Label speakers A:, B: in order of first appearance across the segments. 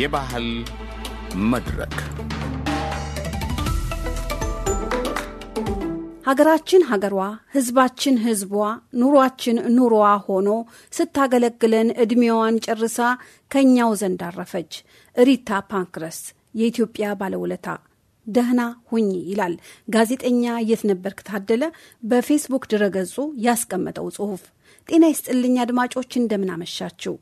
A: የባህል መድረክ
B: ሀገራችን ሀገሯ፣ ህዝባችን ህዝቧ፣ ኑሯችን ኑሮዋ ሆኖ ስታገለግለን ዕድሜዋን ጨርሳ ከእኛው ዘንድ አረፈች። ሪታ ፓንክረስ የኢትዮጵያ ባለውለታ ደህና ሁኚ ይላል ጋዜጠኛ የትነበርክ ታደለ በፌስቡክ ድረገጹ ያስቀመጠው ጽሑፍ። ጤና ይስጥልኝ አድማጮች፣ እንደምን አመሻችሁ።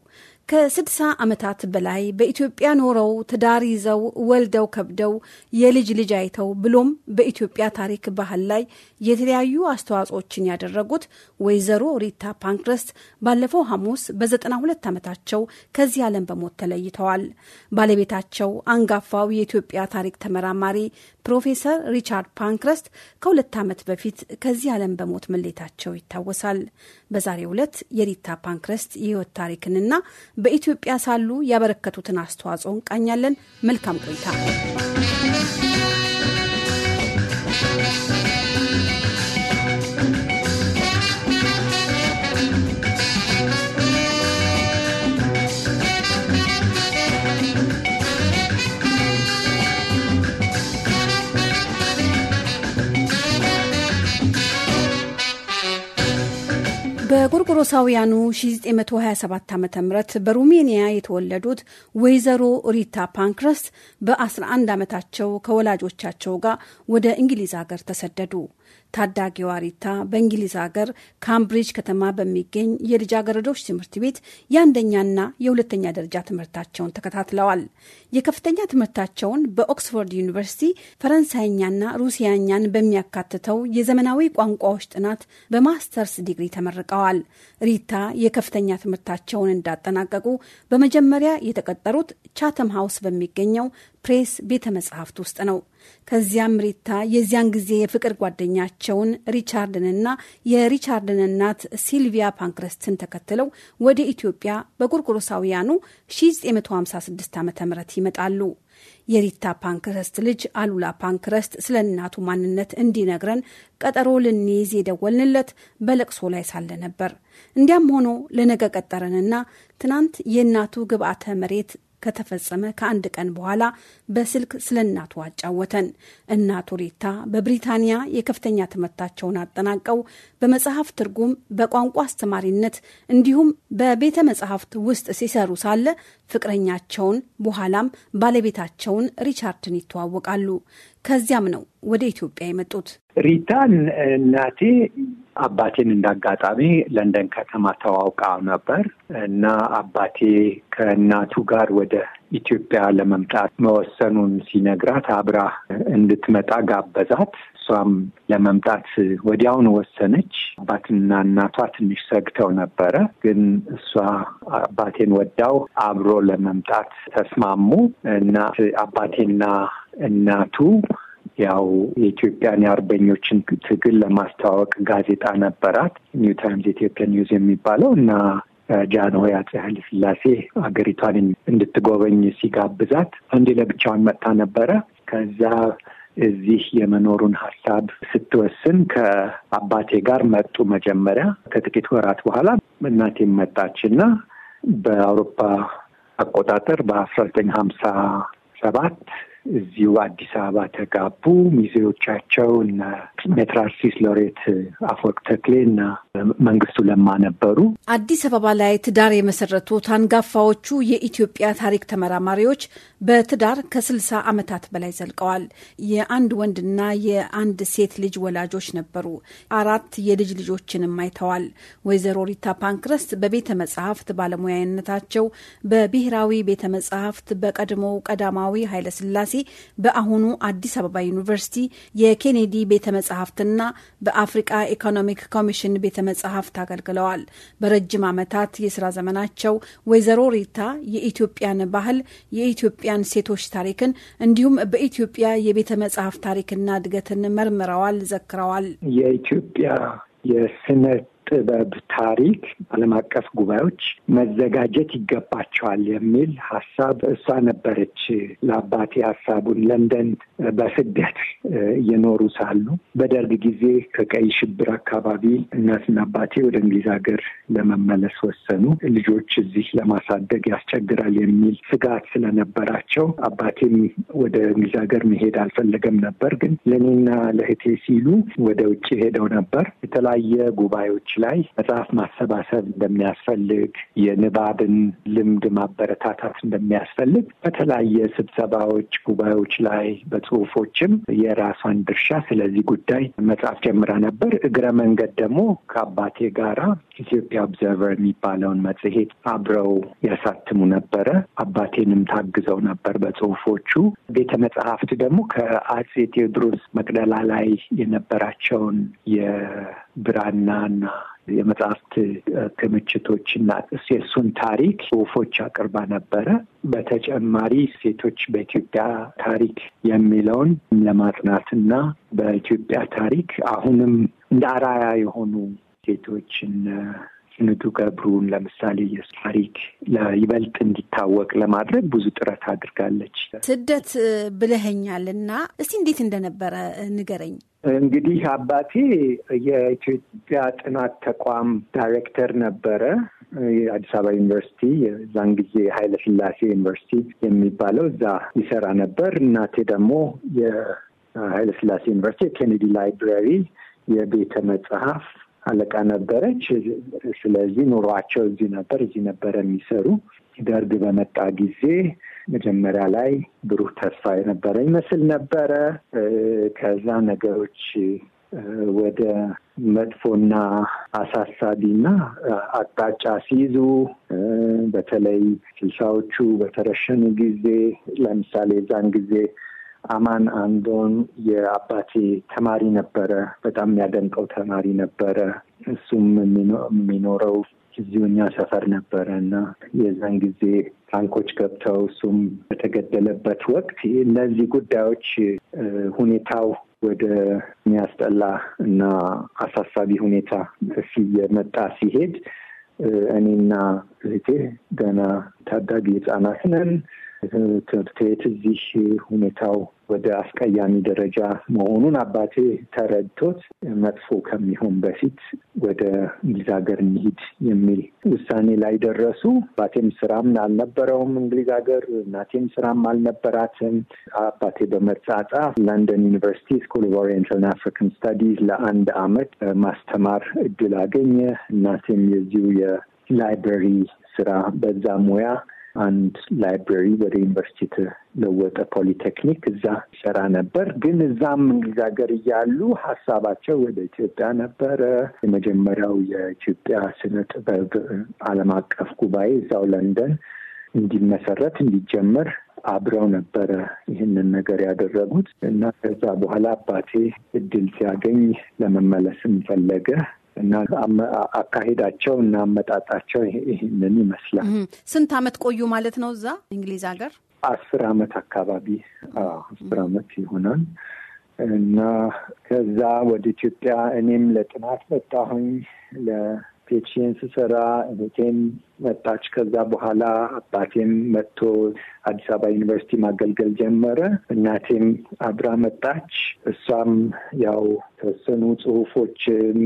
B: ከስድሳ ዓመታት በላይ በኢትዮጵያ ኖረው ትዳር ይዘው ወልደው ከብደው የልጅ ልጅ አይተው ብሎም በኢትዮጵያ ታሪክ ባህል ላይ የተለያዩ አስተዋጽኦችን ያደረጉት ወይዘሮ ሪታ ፓንክረስት ባለፈው ሐሙስ በዘጠና ሁለት ዓመታቸው ከዚህ ዓለም በሞት ተለይተዋል። ባለቤታቸው አንጋፋው የኢትዮጵያ ታሪክ ተመራማሪ ፕሮፌሰር ሪቻርድ ፓንክረስት ከሁለት ዓመት በፊት ከዚህ ዓለም በሞት መሌታቸው ይታወሳል። በዛሬው ዕለት የሪታ ፓንክረስት የሕይወት ታሪክንና በኢትዮጵያ ሳሉ ያበረከቱትን አስተዋጽኦ እንቃኛለን። መልካም ቆይታ በጎርጎሮሳውያኑ 1927 ዓ ም በሩሜኒያ የተወለዱት ወይዘሮ ሪታ ፓንክረስት በ11 ዓመታቸው ከወላጆቻቸው ጋር ወደ እንግሊዝ ሀገር ተሰደዱ። ታዳጊዋ ሪታ በእንግሊዝ ሀገር ካምብሪጅ ከተማ በሚገኝ የልጃገረዶች ትምህርት ቤት የአንደኛና የሁለተኛ ደረጃ ትምህርታቸውን ተከታትለዋል። የከፍተኛ ትምህርታቸውን በኦክስፎርድ ዩኒቨርሲቲ ፈረንሳይኛና ሩሲያኛን በሚያካትተው የዘመናዊ ቋንቋዎች ጥናት በማስተርስ ዲግሪ ተመርቀዋል። ሪታ የከፍተኛ ትምህርታቸውን እንዳጠናቀቁ በመጀመሪያ የተቀጠሩት ቻተም ሀውስ በሚገኘው ፕሬስ ቤተ መጽሐፍት ውስጥ ነው። ከዚያም ሪታ የዚያን ጊዜ የፍቅር ጓደኛቸውን ሪቻርድንና የሪቻርድን እናት ሲልቪያ ፓንክረስትን ተከትለው ወደ ኢትዮጵያ በጎርጎሮሳውያኑ 1956 ዓ ም ይመጣሉ። የሪታ ፓንክረስት ልጅ አሉላ ፓንክረስት ስለ እናቱ ማንነት እንዲነግረን ቀጠሮ ልንይዝ የደወልንለት በለቅሶ ላይ ሳለ ነበር። እንዲያም ሆኖ ለነገ ቀጠረንና ትናንት የእናቱ ግብዓተ መሬት ከተፈጸመ ከአንድ ቀን በኋላ በስልክ ስለ እናቱ አጫወተን። እናቱ ሪታ በብሪታንያ የከፍተኛ ትምህርታቸውን አጠናቀው በመጽሐፍ ትርጉም፣ በቋንቋ አስተማሪነት እንዲሁም በቤተ መጽሐፍት ውስጥ ሲሰሩ ሳለ ፍቅረኛቸውን በኋላም ባለቤታቸውን ሪቻርድን ይተዋወቃሉ። ከዚያም ነው ወደ ኢትዮጵያ የመጡት።
A: ሪታን እናቴ አባቴን እንዳጋጣሚ ለንደን ከተማ ተዋውቃ ነበር እና አባቴ ከእናቱ ጋር ወደ ኢትዮጵያ ለመምጣት መወሰኑን ሲነግራት አብራ እንድትመጣ ጋበዛት። እሷም ለመምጣት ወዲያውን ወሰነች። አባትና እናቷ ትንሽ ሰግተው ነበረ፣ ግን እሷ አባቴን ወዳው አብሮ ለመምጣት ተስማሙ እና አባቴና እናቱ ያው የኢትዮጵያን የአርበኞችን ትግል ለማስተዋወቅ ጋዜጣ ነበራት፣ ኒው ታይምስ ኢትዮጵያ ኒውዝ የሚባለው እና ጃንሆይ አፄ ኃይለ ሥላሴ ሀገሪቷን እንድትጎበኝ ሲጋብዛት አንዴ ለብቻዋን መጥታ ነበረ። ከዛ እዚህ የመኖሩን ሀሳብ ስትወስን ከአባቴ ጋር መጡ። መጀመሪያ ከጥቂት ወራት በኋላ እናቴም መጣች እና በአውሮፓ አቆጣጠር በአስራ ዘጠኝ ሀምሳ ሰባት እዚሁ አዲስ አበባ ተጋቡ። ሚዜዎቻቸው እነ ሜትራርሲስ ሎሬት አፈወርቅ ተክሌ እና መንግስቱ ለማ ነበሩ።
B: አዲስ አበባ ላይ ትዳር የመሰረቱት አንጋፋዎቹ የኢትዮጵያ ታሪክ ተመራማሪዎች በትዳር ከስልሳ ዓመታት በላይ ዘልቀዋል። የአንድ ወንድና የአንድ ሴት ልጅ ወላጆች ነበሩ። አራት የልጅ ልጆችንም አይተዋል። ወይዘሮ ሪታ ፓንክረስት በቤተ መጽሐፍት ባለሙያነታቸው በብሔራዊ ቤተ መጽሐፍት በቀድሞው ቀዳማዊ ኃይለስላሴ በአሁኑ አዲስ አበባ ዩኒቨርሲቲ የኬኔዲ ቤተ መጽሐፍትና በአፍሪቃ ኢኮኖሚክ ኮሚሽን ቤተ መጽሐፍት አገልግለዋል። በረጅም ዓመታት የስራ ዘመናቸው ወይዘሮ ሪታ የኢትዮጵያን ባህል፣ የኢትዮጵያን ሴቶች ታሪክን እንዲሁም በኢትዮጵያ የቤተ መጽሐፍ ታሪክና እድገትን መርምረዋል፣ ዘክረዋል።
A: የኢትዮጵያ የስነ ጥበብ ታሪክ ዓለም አቀፍ ጉባኤዎች መዘጋጀት ይገባቸዋል የሚል ሀሳብ እሷ ነበረች ለአባቴ ሀሳቡን ለንደን በስደት እየኖሩ ሳሉ በደርግ ጊዜ ከቀይ ሽብር አካባቢ እናትና አባቴ ወደ እንግሊዝ ሀገር ለመመለስ ወሰኑ። ልጆች እዚህ ለማሳደግ ያስቸግራል የሚል ስጋት ስለነበራቸው አባቴም ወደ እንግሊዝ ሀገር መሄድ አልፈለገም ነበር። ግን ለእኔና ለእህቴ ሲሉ ወደ ውጭ ሄደው ነበር። የተለያየ ጉባኤዎች ላይ መጽሐፍ ማሰባሰብ እንደሚያስፈልግ፣ የንባብን ልምድ ማበረታታት እንደሚያስፈልግ በተለያየ ስብሰባዎች፣ ጉባኤዎች ላይ በጽሁፎችም የራሷን ድርሻ ስለዚህ ጉዳይ መጽሐፍ ጀምራ ነበር። እግረ መንገድ ደግሞ ከአባቴ ጋራ ኢትዮጵያ ኦብዘርቨር የሚባለውን መጽሔት አብረው ያሳትሙ ነበረ። አባቴንም ታግዘው ነበር በጽሁፎቹ። ቤተ መጽሐፍት ደግሞ ከአጼ ቴዎድሮስ መቅደላ ላይ የነበራቸውን የ ብራናና የመጽሐፍት ክምችቶችና የእሱን ታሪክ ጽሁፎች አቅርባ ነበረ። በተጨማሪ ሴቶች በኢትዮጵያ ታሪክ የሚለውን ለማጥናትና በኢትዮጵያ ታሪክ አሁንም እንደ አራያ የሆኑ ሴቶችን ስንዱ ገብሩን ለምሳሌ የሱ ታሪክ ይበልጥ እንዲታወቅ ለማድረግ ብዙ ጥረት አድርጋለች።
B: ስደት ብለኸኛል እና እስቲ እንዴት እንደነበረ ንገረኝ።
A: እንግዲህ አባቴ የኢትዮጵያ ጥናት ተቋም ዳይሬክተር ነበረ። የአዲስ አበባ ዩኒቨርሲቲ የዛን ጊዜ ኃይለ ሥላሴ ዩኒቨርሲቲ የሚባለው እዛ ይሰራ ነበር። እናቴ ደግሞ የኃይለ ሥላሴ ዩኒቨርሲቲ የኬኔዲ ላይብራሪ የቤተ መጽሐፍ አለቃ ነበረች። ስለዚህ ኑሯቸው እዚህ ነበር፣ እዚህ ነበር የሚሰሩ። ደርግ በመጣ ጊዜ መጀመሪያ ላይ ብሩህ ተስፋ የነበረ ይመስል ነበረ። ከዛ ነገሮች ወደ መጥፎና አሳሳቢና አቅጣጫ ሲይዙ በተለይ ስልሳዎቹ በተረሸኑ ጊዜ ለምሳሌ የዛን ጊዜ አማን አንዶን የአባቴ ተማሪ ነበረ። በጣም የሚያደንቀው ተማሪ ነበረ። እሱም የሚኖረው እዚሁ ሰፈር ነበረ እና የዛን ጊዜ ታንኮች ገብተው እሱም በተገደለበት ወቅት እነዚህ ጉዳዮች ሁኔታው ወደ ሚያስጠላ እና አሳሳቢ ሁኔታ እየመጣ ሲሄድ እኔና እህቴ ገና ታዳጊ ሕጻናት ነን። ትምህርት ቤት እዚህ ሁኔታው ወደ አስቀያሚ ደረጃ መሆኑን አባቴ ተረድቶት መጥፎ ከሚሆን በፊት ወደ እንግሊዝ ሀገር እንሂድ የሚል ውሳኔ ላይ ደረሱ። አባቴም ስራም አልነበረውም እንግሊዝ ሀገር፣ እናቴም ስራም አልነበራትም። አባቴ በመጻጻ ለንደን ዩኒቨርሲቲ ስኩል ኦፍ ኦሪየንታል አፍሪካን ስታዲዝ ለአንድ አመት ማስተማር እድል አገኘ። እናቴም የዚሁ የላይብረሪ ስራ በዛ ሙያ አንድ ላይብረሪ ወደ ዩኒቨርሲቲ የተለወጠ ፖሊቴክኒክ እዛ ይሰራ ነበር። ግን እዛም እንግዛገር እያሉ ሀሳባቸው ወደ ኢትዮጵያ ነበረ። የመጀመሪያው የኢትዮጵያ ስነ ጥበብ ዓለም አቀፍ ጉባኤ እዛው ለንደን እንዲመሰረት እንዲጀመር አብረው ነበረ ይህንን ነገር ያደረጉት እና ከዛ በኋላ አባቴ እድል ሲያገኝ ለመመለስም ፈለገ። እና አካሄዳቸው እና አመጣጣቸው ይህንን ይመስላል።
B: ስንት አመት ቆዩ ማለት ነው እዛ እንግሊዝ
A: ሀገር? አስር አመት አካባቢ አስር አመት ይሆናል። እና ከዛ ወደ ኢትዮጵያ እኔም ለጥናት መጣሁኝ ፔፕሲን ስሰራ እህቴም መጣች። ከዛ በኋላ አባቴም መጥቶ አዲስ አበባ ዩኒቨርሲቲ ማገልገል ጀመረ። እናቴም አብራ መጣች። እሷም ያው ተወሰኑ ጽሁፎችን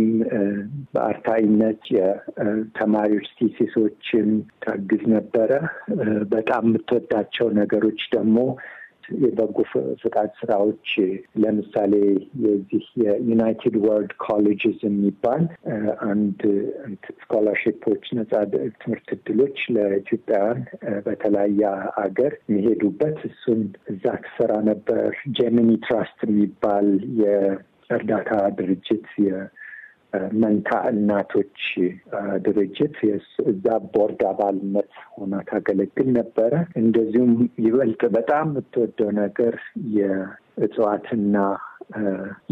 A: በአርታይነት የተማሪዎች ቲሲሶችን ታግዝ ነበረ። በጣም የምትወዳቸው ነገሮች ደግሞ የበጎ ፍቃድ ስራዎች ለምሳሌ የዚህ የዩናይትድ ወርልድ ኮሌጅስ የሚባል አንድ ስኮላርሽፖች፣ ነጻ ትምህርት እድሎች ለኢትዮጵያውያን በተለያየ አገር የሚሄዱበት እሱን እዛ ትሰራ ነበር። ጀሚኒ ትራስት የሚባል የእርዳታ ድርጅት መንታ እናቶች ድርጅት እዛ ቦርድ አባልነት ሆና ታገለግል ነበረ። እንደዚሁም ይበልጥ በጣም የምትወደው ነገር የእጽዋትና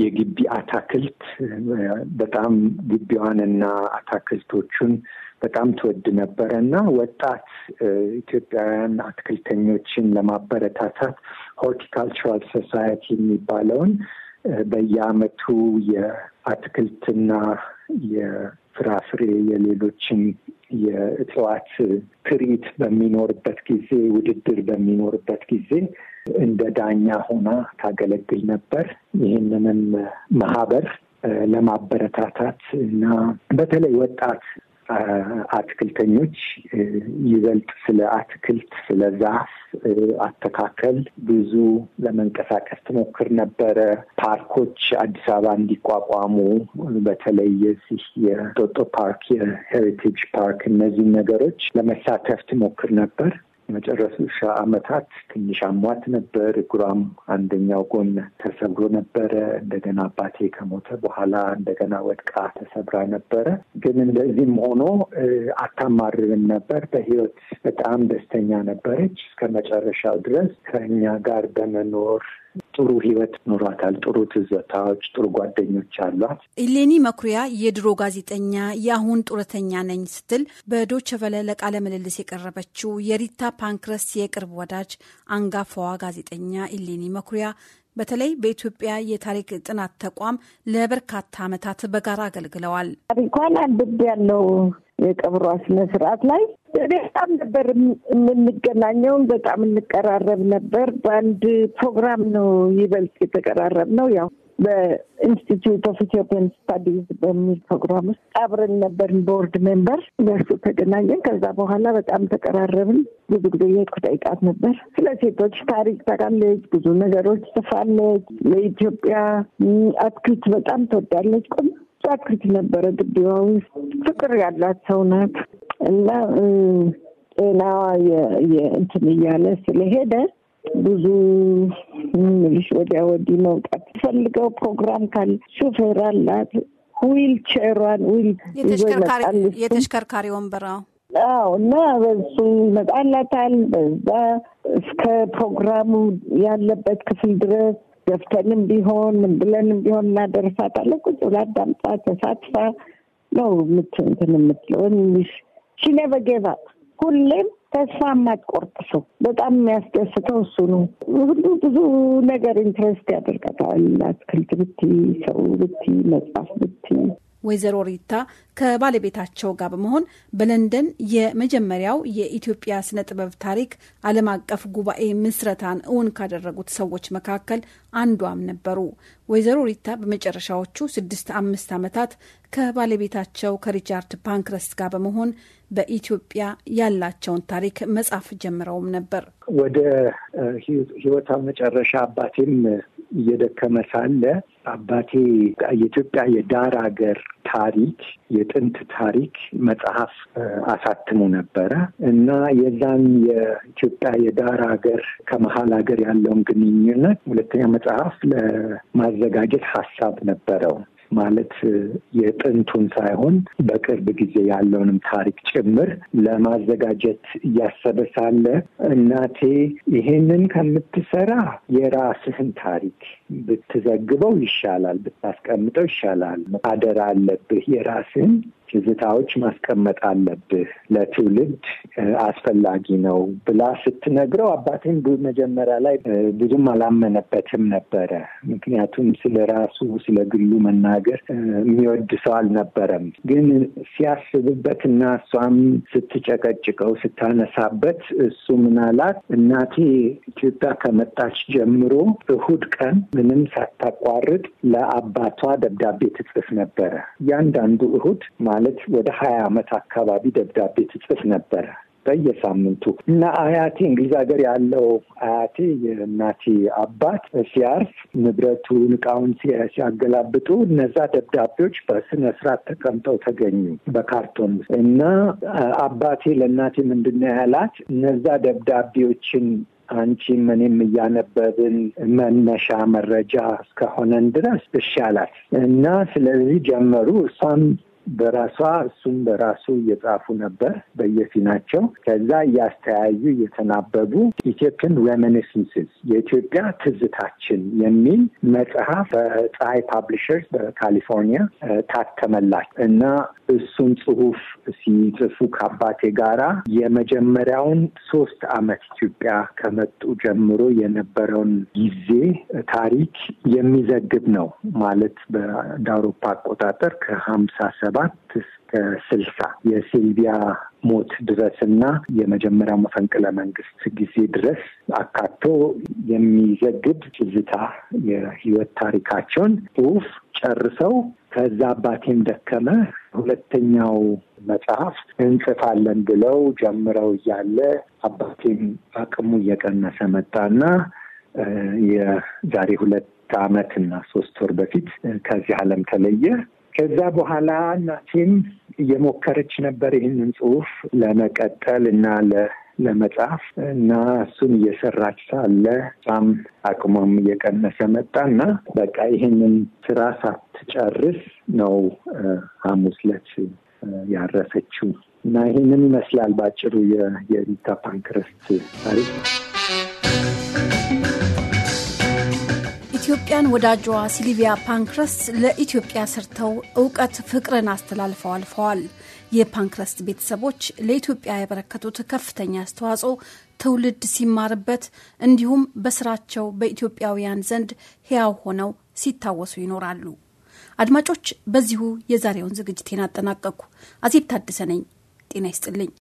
A: የግቢ አታክልት በጣም ግቢዋንና አታክልቶቹን በጣም ትወድ ነበረ እና ወጣት ኢትዮጵያውያን አትክልተኞችን ለማበረታታት ሆርቲካልቸራል ሶሳይቲ የሚባለውን በየአመቱ የአትክልትና የፍራፍሬ የሌሎችም የእጽዋት ትርኢት በሚኖርበት ጊዜ ውድድር በሚኖርበት ጊዜ እንደ ዳኛ ሆና ታገለግል ነበር። ይህንንም ማህበር ለማበረታታት እና በተለይ ወጣት አትክልተኞች ይበልጥ ስለ አትክልት፣ ስለ ዛፍ አተካከል ብዙ ለመንቀሳቀስ ትሞክር ነበረ። ፓርኮች አዲስ አበባ እንዲቋቋሙ በተለይ የዚህ የጦጦ ፓርክ፣ የሄሪቴጅ ፓርክ እነዚህ ነገሮች ለመሳተፍ ትሞክር ነበር። የመጨረሻ አመታት ትንሽ አሟት ነበር። እግሯም አንደኛው ጎን ተሰብሮ ነበረ። እንደገና አባቴ ከሞተ በኋላ እንደገና ወድቃ ተሰብራ ነበረ። ግን እንደዚህም ሆኖ አታማርርም ነበር። በህይወት በጣም ደስተኛ ነበረች እስከ መጨረሻው ድረስ ከእኛ ጋር በመኖር ጥሩ ህይወት ኖሯታል። ጥሩ ትዝታዎች፣ ጥሩ ጓደኞች አሏት።
B: ኢሌኒ መኩሪያ የድሮ ጋዜጠኛ የአሁን ጡረተኛ ነኝ ስትል በዶቸቨለ ለቃለ ምልልስ የቀረበችው የሪታ ፓንክረስ የቅርብ ወዳጅ አንጋፋዋ ጋዜጠኛ ኢሌኒ መኩሪያ በተለይ በኢትዮጵያ የታሪክ ጥናት ተቋም ለበርካታ ዓመታት በጋራ አገልግለዋል።
C: ታሪኳን ያለው የቀብሯ ስነስርዓት ላይ በጣም ነበር የምንገናኘውን፣ በጣም እንቀራረብ ነበር። በአንድ ፕሮግራም ነው ይበልጥ የተቀራረብ ነው ያው በኢንስቲትዩት ኦፍ ኢትዮጵያን ስታዲዝ በሚል ፕሮግራም ውስጥ አብረን ነበርን። ቦርድ ሜምበር በእሱ ተገናኘን። ከዛ በኋላ በጣም ተቀራረብን። ብዙ ጊዜ የሄድኩ ጠይቃት ነበር። ስለ ሴቶች ታሪክ ታውቃለች፣ ብዙ ነገሮች ጽፋለች። ለኢትዮጵያ አትክልት በጣም ትወዳለች። ቆንጆ አትክልት ነበረ ግቢዋ ውስጥ። ፍቅር ያላት ሰው ናት እና ጤናዋ እንትን እያለ ስለሄደ ብዙ ምልሽ ወዲያ ወዲህ መውጣት ፈልገው ፕሮግራም ካለ ሹፌር አላት። ዊልቸሯን ዊል
B: የተሽከርካሪ ወንበር አዎ።
C: እና በሱ ይመጣላታል። በዛ እስከ ፕሮግራሙ ያለበት ክፍል ድረስ ገፍተንም ቢሆን ብለንም ቢሆን እናደርሳታለን። ቁጭ ብላ አዳምጣ ተሳትፋ ነው ምትንትን እንትን የምትለው። ሺ ኔቨር ጌቭ አፕ ሁሌም ተስፋ የማትቆርጥ ሰው በጣም የሚያስደስተው እሱ ነው። ሁሉ ብዙ ነገር ኢንትረስት ያደርጋታል። አትክልት ብቲ፣ ሰው ብቲ፣ መጽሐፍ ብቲ።
B: ወይዘሮ ሪታ ከባለቤታቸው ጋር በመሆን በለንደን የመጀመሪያው የኢትዮጵያ ስነ ጥበብ ታሪክ ዓለም አቀፍ ጉባኤ ምስረታን እውን ካደረጉት ሰዎች መካከል አንዷም ነበሩ። ወይዘሮ ሪታ በመጨረሻዎቹ ስድስት አምስት ዓመታት ከባለቤታቸው ከሪቻርድ ፓንክረስት ጋር በመሆን በኢትዮጵያ ያላቸውን ታሪክ መጻፍ ጀምረውም ነበር።
A: ወደ ሕይወቷ መጨረሻ አባቴም እየደከመ ሳለ አባቴ የኢትዮጵያ የዳር ሀገር ታሪክ የጥንት ታሪክ መጽሐፍ አሳትሞ ነበረ እና የዛን የኢትዮጵያ የዳር ሀገር ከመሀል ሀገር ያለውን ግንኙነት ሁለተኛ መጽሐፍ ለማዘጋጀት ሀሳብ ነበረው። ማለት የጥንቱን ሳይሆን በቅርብ ጊዜ ያለውንም ታሪክ ጭምር ለማዘጋጀት እያሰበ ሳለ እናቴ ይሄንን ከምትሰራ የራስህን ታሪክ ብትዘግበው ይሻላል፣ ብታስቀምጠው ይሻላል፣ አደራ አለብህ የራስህን ትዝታዎች ማስቀመጥ አለብህ፣ ለትውልድ አስፈላጊ ነው ብላ ስትነግረው አባቴም መጀመሪያ ላይ ብዙም አላመነበትም ነበረ። ምክንያቱም ስለ ራሱ ስለ ግሉ መናገር የሚወድ ሰው አልነበረም። ግን ሲያስብበትና እሷም ስትጨቀጭቀው ስታነሳበት እሱ ምናላት እናቴ ኢትዮጵያ ከመጣች ጀምሮ እሁድ ቀን ምንም ሳታቋርጥ ለአባቷ ደብዳቤ ትጽፍ ነበረ። እያንዳንዱ እሁድ ማለት ወደ ሀያ ዓመት አካባቢ ደብዳቤ ትጽፍ ነበረ በየሳምንቱ እና አያቴ እንግሊዝ ሀገር ያለው አያቴ የእናቴ አባት ሲያርፍ ንብረቱን እቃውን ሲያገላብጡ እነዛ ደብዳቤዎች በስነ ስርዓት ተቀምጠው ተገኙ በካርቶን ውስጥ እና አባቴ ለእናቴ ምንድነው ያላት እነዛ ደብዳቤዎችን አንቺም እኔም እያነበብን መነሻ መረጃ እስከሆነን ድረስ እሻላት እና ስለዚህ ጀመሩ። እሷም በራሷ እሱም በራሱ እየጻፉ ነበር በየፊናቸው። ከዛ እያስተያዩ እየተናበቡ ኢትዮጵያን ሬሚኒሰንስስ የኢትዮጵያ ትዝታችን የሚል መጽሐፍ በፀሐይ ፓብሊሸርስ በካሊፎርኒያ ታተመላች እና እሱን ጽሁፍ ሲጽፉ ከአባቴ ጋራ የመጀመሪያውን ሶስት አመት ኢትዮጵያ ከመጡ ጀምሮ የነበረውን ጊዜ ታሪክ የሚዘግብ ነው ማለት በአውሮፓ አቆጣጠር ከሀምሳ ሰባት እስከ ስልሳ የሲልቪያ ሞት ድረስ እና የመጀመሪያው መፈንቅለ መንግስት ጊዜ ድረስ አካቶ የሚዘግብ ትዝታ የህይወት ታሪካቸውን ጽሁፍ ጨርሰው ከዛ አባቴም ደከመ ሁለተኛው መጽሐፍ እንጽፋለን ብለው ጀምረው እያለ አባቴም አቅሙ እየቀነሰ መጣና የዛሬ ሁለት አመት እና ሶስት ወር በፊት ከዚህ አለም ተለየ። ከዛ በኋላ እናቴም እየሞከረች ነበር ይህንን ጽሁፍ ለመቀጠል እና ለመጻፍ እና እሱን እየሰራች ሳለ ሳም አቅሟም እየቀነሰ መጣና በቃ ይህንን ስራ ሳትጨርስ ነው ሐሙስ ዕለት ያረፈችው እና ይህንን ይመስላል ባጭሩ የሪታ ፓንክረስት ታሪክ።
B: የኢትዮጵያን ወዳጇ ሲሊቪያ ፓንክረስት ለኢትዮጵያ ሰርተው እውቀት፣ ፍቅርን አስተላልፈው አልፈዋል። የፓንክረስት ቤተሰቦች ለኢትዮጵያ ያበረከቱት ከፍተኛ አስተዋጽኦ ትውልድ ሲማርበት፣ እንዲሁም በስራቸው በኢትዮጵያውያን ዘንድ ሕያው ሆነው ሲታወሱ ይኖራሉ። አድማጮች፣ በዚሁ የዛሬውን ዝግጅቴን አጠናቀቅኩ። አዜብ ታደሰ ነኝ። ጤና ይስጥልኝ።